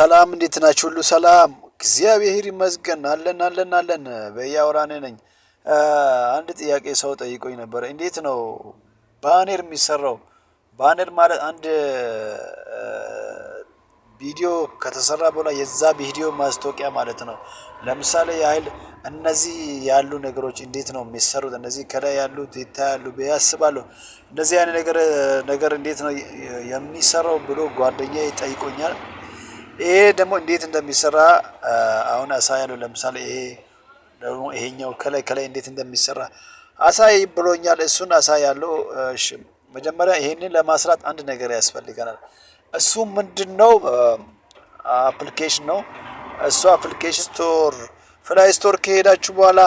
ሰላም እንዴት ናችሁ? ሁሉ ሰላም እግዚአብሔር ይመስገን። አለን አለን አለን። በያውራኔ ነኝ። አንድ ጥያቄ ሰው ጠይቆኝ ነበረ። እንዴት ነው ባነር የሚሰራው? ባነር ማለት አንድ ቪዲዮ ከተሰራ በኋላ የዛ ቪዲዮ ማስታወቂያ ማለት ነው። ለምሳሌ ያህል እነዚህ ያሉ ነገሮች እንዴት ነው የሚሰሩት? እነዚህ ከላይ ያሉት ይታያሉ ብዬ አስባለሁ። እነዚህ አይነት ነገር ነገር እንዴት ነው የሚሰራው ብሎ ጓደኛ ይጠይቆኛል። ይሄ ደግሞ እንዴት እንደሚሰራ አሁን አሳ ያለው ለምሳሌ ይሄ ደግሞ ይሄኛው ከላይ ከላይ እንዴት እንደሚሰራ አሳ ብሎኛል። እሱን አሳ ያለው መጀመሪያ ይሄንን ለማስራት አንድ ነገር ያስፈልገናል። እሱ ምንድን ነው? አፕሊኬሽን ነው እሱ አፕሊኬሽን ስቶር፣ ፍላይ ስቶር ከሄዳችሁ በኋላ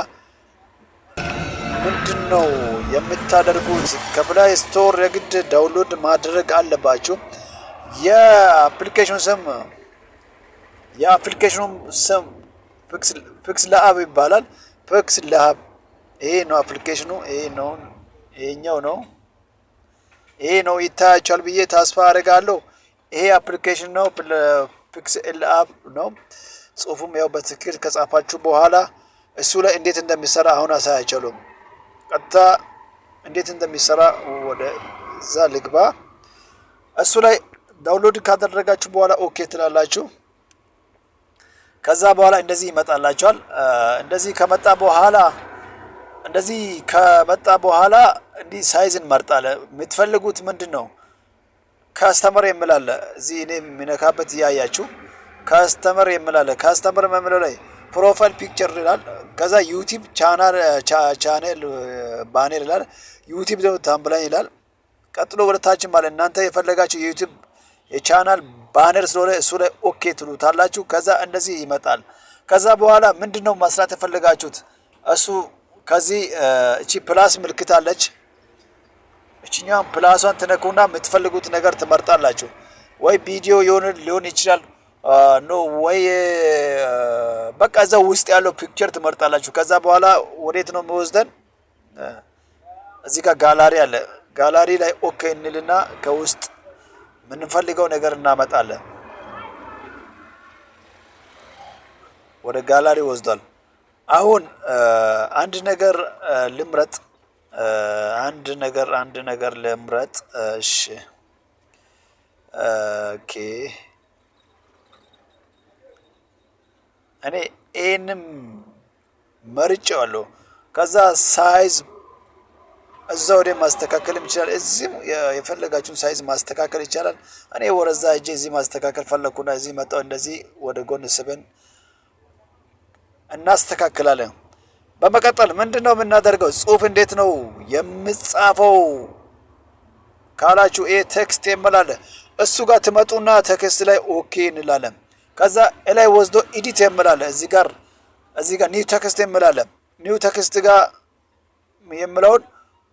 ምንድን ነው የምታደርጉት? ከፍላይ ስቶር የግድ ዳውንሎድ ማድረግ አለባችሁ። የአፕሊኬሽን ስም የአፕሊኬሽኑም ስም ፕክስ ለአብ ይባላል። ፕክስ ለአብ ይሄ ነው አፕሊኬሽኑ። ይሄ ነው ይሄኛው ነው ይሄ ነው ይታያቸዋል ብዬ ተስፋ አደርጋለሁ። ይሄ አፕሊኬሽን ነው ፕክስ ለአብ ነው። ጽሁፉም ያው በትክክል ከጻፋችሁ በኋላ እሱ ላይ እንዴት እንደሚሰራ አሁን አሳያቸሉም። ቀጥታ እንዴት እንደሚሰራ ወደ እዛ ልግባ። እሱ ላይ ዳውንሎድ ካደረጋችሁ በኋላ ኦኬ ትላላችሁ። ከዛ በኋላ እንደዚህ ይመጣላቸዋል። እንደዚህ ከመጣ በኋላ እንደዚህ ከመጣ በኋላ እንዲህ ሳይዝ እንመርጣለን። የምትፈልጉት ምንድን ነው? ከስተመር የምላለ እዚህ እኔ የሚነካበት እያያችሁ ከስተመር የምላለ ከስተመር መምለው ላይ ፕሮፋይል ፒክቸር ይላል። ከዛ ዩቲብ ቻናል ባኔር ይላል። ዩቲብ ደግሞ ታምብላኝ ይላል። ቀጥሎ ወደታችን ማለት እናንተ የፈለጋችሁ የዩቲብ የቻናል ባነር ስለሆነ እሱ ላይ ኦኬ ትሉታላችሁ። ከዛ እንደዚህ ይመጣል። ከዛ በኋላ ምንድን ነው ማስራት የፈለጋችሁት እሱ ከዚህ እቺ ፕላስ ምልክት አለች። እችኛዋን ፕላሷን ትነኩና የምትፈልጉት ነገር ትመርጣላችሁ። ወይ ቪዲዮ የሆነ ሊሆን ይችላል ኖ ወይ በቃ እዛ ውስጥ ያለው ፒክቸር ትመርጣላችሁ። ከዛ በኋላ ወዴት ነው የሚወስደን? እዚህ ጋር ጋላሪ አለ። ጋላሪ ላይ ኦኬ እንልና ከውስጥ ምንፈልገው ነገር እናመጣለን። ወደ ጋላሪ ወስዷል። አሁን አንድ ነገር ልምረጥ፣ አንድ ነገር አንድ ነገር ልምረጥ። እሺ ኦኬ፣ እኔ ኤንም መርጬዋለሁ። ከዛ ሳይዝ እዛ ወደ ማስተካከልም ይችላል። እዚህም የፈለጋችሁን ሳይዝ ማስተካከል ይቻላል። እኔ ወረዛ እጄ እዚህ ማስተካከል ፈለግኩና እዚህ መጣው እንደዚህ ወደ ጎን ስበን እናስተካክላለን። በመቀጠል ምንድን ነው የምናደርገው? ጽሁፍ እንዴት ነው የምጻፈው ካላችሁ፣ ይሄ ቴክስት የምላለ እሱ ጋር ትመጡና ቴክስት ላይ ኦኬ እንላለን። ከዛ ላይ ወስዶ ኢዲት የምላለ እዚህ ጋር እዚህ ጋር ኒው ቴክስት የምላለ ኒው ቴክስት ጋር የምለውን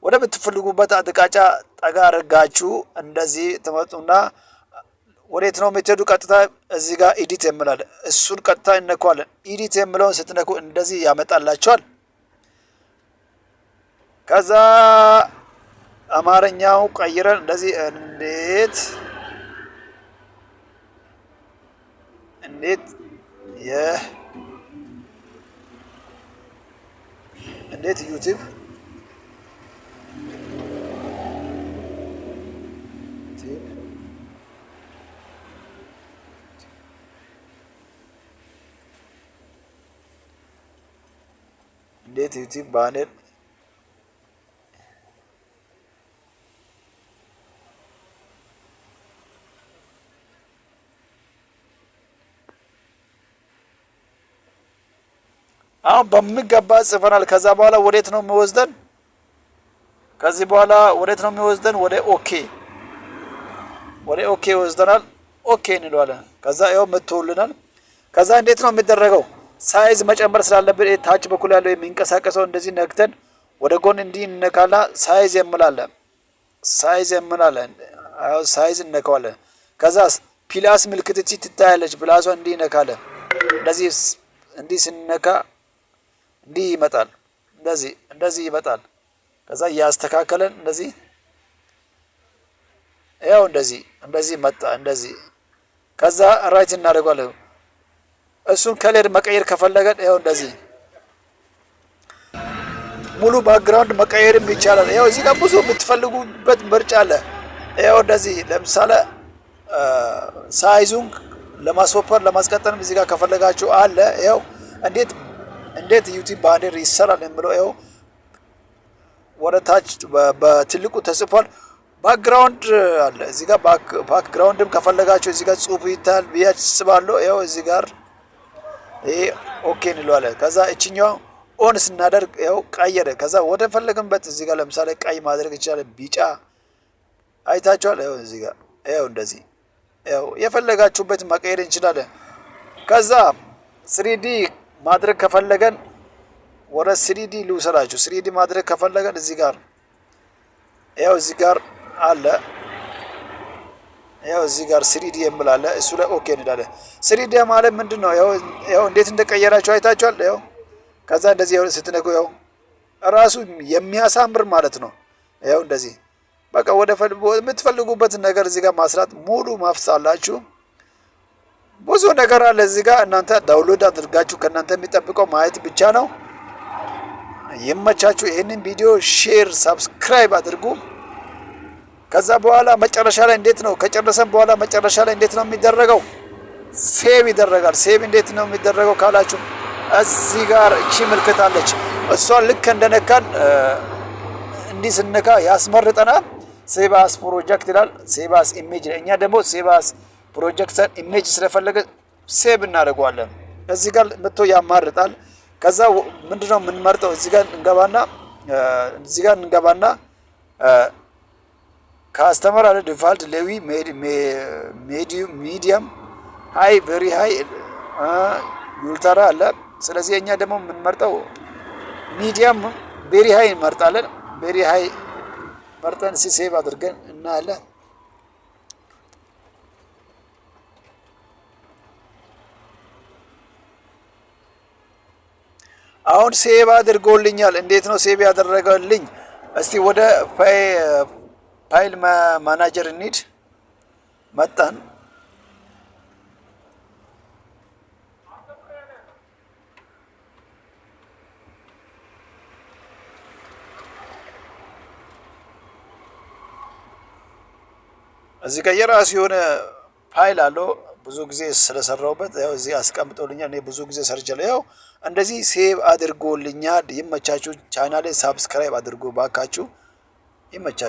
ወደምትፈልጉበት አቅጣጫ ጠጋ አድርጋችሁ እንደዚህ ትመጡና ወዴት ነው የምትሄዱ? ቀጥታ እዚህ ጋር ኢዲት የምላለ እሱን ቀጥታ እነኳለን። ኢዲት የምለውን ስትነኩ እንደዚህ ያመጣላቸዋል። ከዛ አማርኛው ቀይረን እንደዚህ እንዴት እንዴት እንዴት ዩቲዩብ እንዴት ዩቲዩብ ባነር አሁን በሚገባ ጽፈናል። ከዛ በኋላ ወዴት ነው የሚወስደን? ከዚህ በኋላ ወዴት ነው የሚወስደን? ወደ ኦኬ ወደ ኦኬ ይወስደናል። ኦኬ እንለዋለን። ከዛ ያው ምትውልናል። ከዛ እንዴት ነው የሚደረገው? ሳይዝ መጨመር ስላለብን ታች በኩል ያለው የሚንቀሳቀሰው እንደዚህ ነክተን ወደ ጎን እንዲህ እነካና ሳይዝ የምላለን ሳይዝ የምላለን ሳይዝ እነካዋለን። ከዛስ ፒላስ ምልክትቺ ትታያለች። ፕላሷ እንዲህ እነካለን። እንደዚህ እንዲህ ስነካ እንዲህ ይመጣል። እንደዚህ እንደዚህ ይመጣል። ከዛ እያስተካከለን እንደዚህ ያው እንደዚህ እንደዚህ መጣ። እንደዚህ ከዛ ራይት እናደርጓለን። እሱን ከሌድ መቀየር ከፈለገን ይኸው እንደዚህ ሙሉ ባክግራውንድ መቀየርም ይቻላል። ያው እዚህ ጋር ብዙ የምትፈልጉበት ምርጫ አለ። ያው እንደዚህ ለምሳሌ ሳይዙን ለማስወፈር ለማስቀጠልም እዚህ ጋር ከፈለጋችሁ አለ። ያው እንዴት እንዴት ዩቲብ ባንዲር ይሰራል የምለው ያው ወደ ታች በትልቁ ተጽፏል። ባክግራውንድ አለ እዚህ ጋር ባክግራውንድም ከፈለጋችሁ እዚህ ጋር ጽሁፍ ይታል ብያ አስባለሁ። ያው እዚህ ጋር ይሄ ኦኬ እንለዋለን። ከዛ እችኛው ኦን ስናደርግ ያው ቀየረ። ከዛ ወደ ፈለግንበት እዚህ ጋር ለምሳሌ ቀይ ማድረግ ይችላል። ቢጫ አይታችኋል። ያው እዚህ ጋር ያው እንደዚህ ያው የፈለጋችሁበት መቀየር እንችላለን። ከዛ ስሪዲ ማድረግ ከፈለገን ወደ ስሪዲ ልውሰዳችሁ። ስሪዲ ማድረግ ከፈለገን እዚህ ጋር ያው እዚህ ጋር አለ ያው እዚህ ጋር ስሪዲ የምላለ እሱ ላይ ኦኬ እንዳለ ስሪዲ ማለት ምንድን ነው? ያው እንዴት እንደቀየራቸው አይታችኋል። ያው ከዛ እንደዚህ ስትነኩ ያው ራሱ የሚያሳምር ማለት ነው። ያው እንደዚህ በቃ ወደ የምትፈልጉበትን ነገር እዚህ ጋር ማስራት ሙሉ ማፍስ አላችሁ። ብዙ ነገር አለ እዚህ ጋር እናንተ ዳውንሎድ አድርጋችሁ ከእናንተ የሚጠብቀው ማየት ብቻ ነው። ይመቻችሁ። ይህንን ቪዲዮ ሼር፣ ሳብስክራይብ አድርጉ። ከዛ በኋላ መጨረሻ ላይ እንዴት ነው ከጨረሰን በኋላ መጨረሻ ላይ እንዴት ነው የሚደረገው? ሴቭ ይደረጋል። ሴቭ እንዴት ነው የሚደረገው ካላችሁ እዚህ ጋር እቺ ምልክት አለች። እሷን ልክ እንደነካን እንዲህ ያስመርጠናል። ሴባስ ፕሮጀክት ይላል። ሴባስ ኢሜጅ። እኛ ደግሞ ሴባስ ፕሮጀክትን ኢሜጅ ስለፈለገ ሴብ እናደርገዋለን። እዚህ ጋር መጥቶ ያማርጣል። ከዛ ምንድነው የምንመርጠው? እዚህ ጋር እንገባና እዚህ ጋር እንገባና ከአስተመር አለ ዲፋልት ሌዊ ሚዲየም ሀይ ቨሪ ሀይ ዩልተራ አለ። ስለዚህ እኛ ደግሞ የምንመርጠው ሚዲየም ቬሪ ሀይ እንመርጣለን። ቬሪ ሀይ መርጠን ሲሴቭ አድርገን እናያለን። አሁን ሴቭ አድርጎልኛል። እንዴት ነው ሴቭ ያደረገልኝ? እስቲ ወደ ፓይል ማናጀር እንሂድ። መጣን። እዚህ ጋር የራሱ የሆነ ፋይል አለው። ብዙ ጊዜ ስለሰራውበት ያው እዚህ አስቀምጦልኛል። እኔ ብዙ ጊዜ ሰርቻለሁ። ያው እንደዚህ ሴቭ አድርጎልኛል። ይመቻችሁ። ቻናሌ ሳብስክራይብ አድርጎ ባካችሁ። ይመቻችሁ።